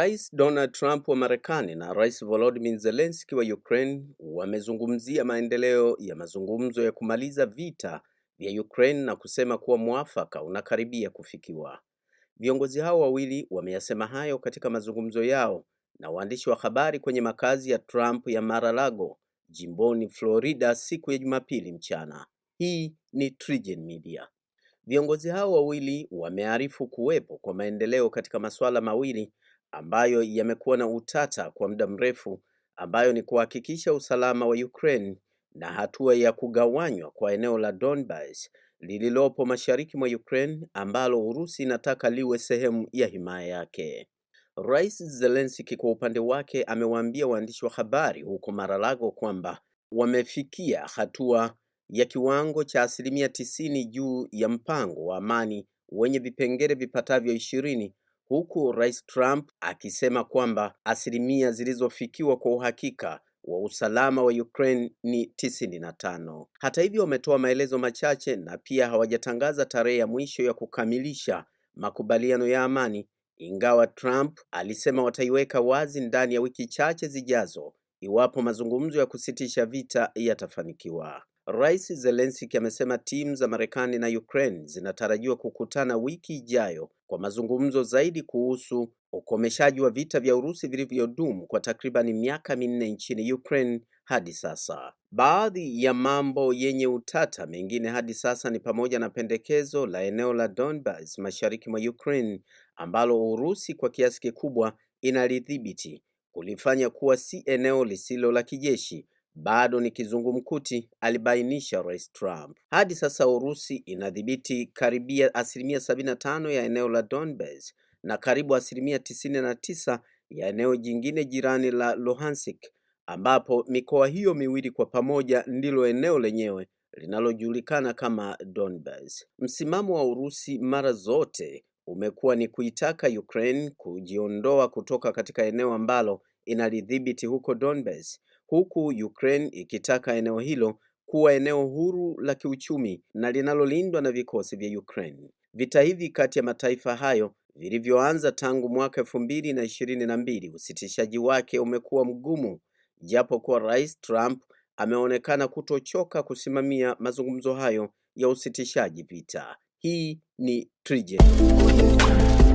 Rais Donald Trump wa Marekani na Rais Volodymyr Zelensky wa Ukraine wamezungumzia maendeleo ya mazungumzo ya kumaliza vita vya Ukraine na kusema kuwa mwafaka unakaribia kufikiwa. Viongozi hao wawili wameyasema hayo katika mazungumzo yao na waandishi wa habari kwenye makazi ya Trump ya Mar-a-Lago jimboni Florida siku ya Jumapili mchana. Hii ni Trigen Media. Viongozi hao wawili wamearifu kuwepo kwa maendeleo katika masuala mawili ambayo yamekuwa na utata kwa muda mrefu, ambayo ni kuhakikisha usalama wa Ukraine na hatua ya kugawanywa kwa eneo la Donbas lililopo mashariki mwa Ukraine ambalo Urusi inataka liwe sehemu ya himaya yake. Rais Zelensky kwa upande wake amewaambia waandishi wa habari huko Maralago kwamba wamefikia hatua ya kiwango cha asilimia tisini juu ya mpango wa amani wenye vipengele vipatavyo ishirini huku Rais Trump akisema kwamba asilimia zilizofikiwa kwa uhakika wa usalama wa Ukraine ni tisini na tano. Hata hivyo, wametoa maelezo machache na pia hawajatangaza tarehe ya mwisho ya kukamilisha makubaliano ya amani, ingawa Trump alisema wataiweka wazi ndani ya wiki chache zijazo iwapo mazungumzo ya kusitisha vita yatafanikiwa. Rais Zelensky amesema timu za Marekani na Ukraine zinatarajiwa kukutana wiki ijayo kwa mazungumzo zaidi kuhusu ukomeshaji wa vita vya Urusi vilivyodumu kwa takribani miaka minne nchini Ukraine hadi sasa. Baadhi ya mambo yenye utata mengine hadi sasa ni pamoja na pendekezo la eneo la Donbas mashariki mwa Ukraine ambalo Urusi kwa kiasi kikubwa inalidhibiti kulifanya kuwa si eneo lisilo la kijeshi bado ni kizungumkuti, alibainisha Rais Trump. Hadi sasa Urusi inadhibiti karibia asilimia sabini na tano ya eneo la Donbas na karibu asilimia tisini na tisa ya eneo jingine jirani la Luhansk, ambapo mikoa hiyo miwili kwa pamoja ndilo eneo lenyewe linalojulikana kama Donbas. Msimamo wa Urusi mara zote umekuwa ni kuitaka Ukraine kujiondoa kutoka katika eneo ambalo inalidhibiti huko Donbas huku Ukraine ikitaka eneo hilo kuwa eneo huru la kiuchumi na linalolindwa na vikosi vya Ukraine. Vita hivi kati ya mataifa hayo vilivyoanza tangu mwaka elfu mbili na ishirini na mbili, usitishaji wake umekuwa mgumu, japo kuwa Rais Trump ameonekana kutochoka kusimamia mazungumzo hayo ya usitishaji vita. Hii ni TriGen.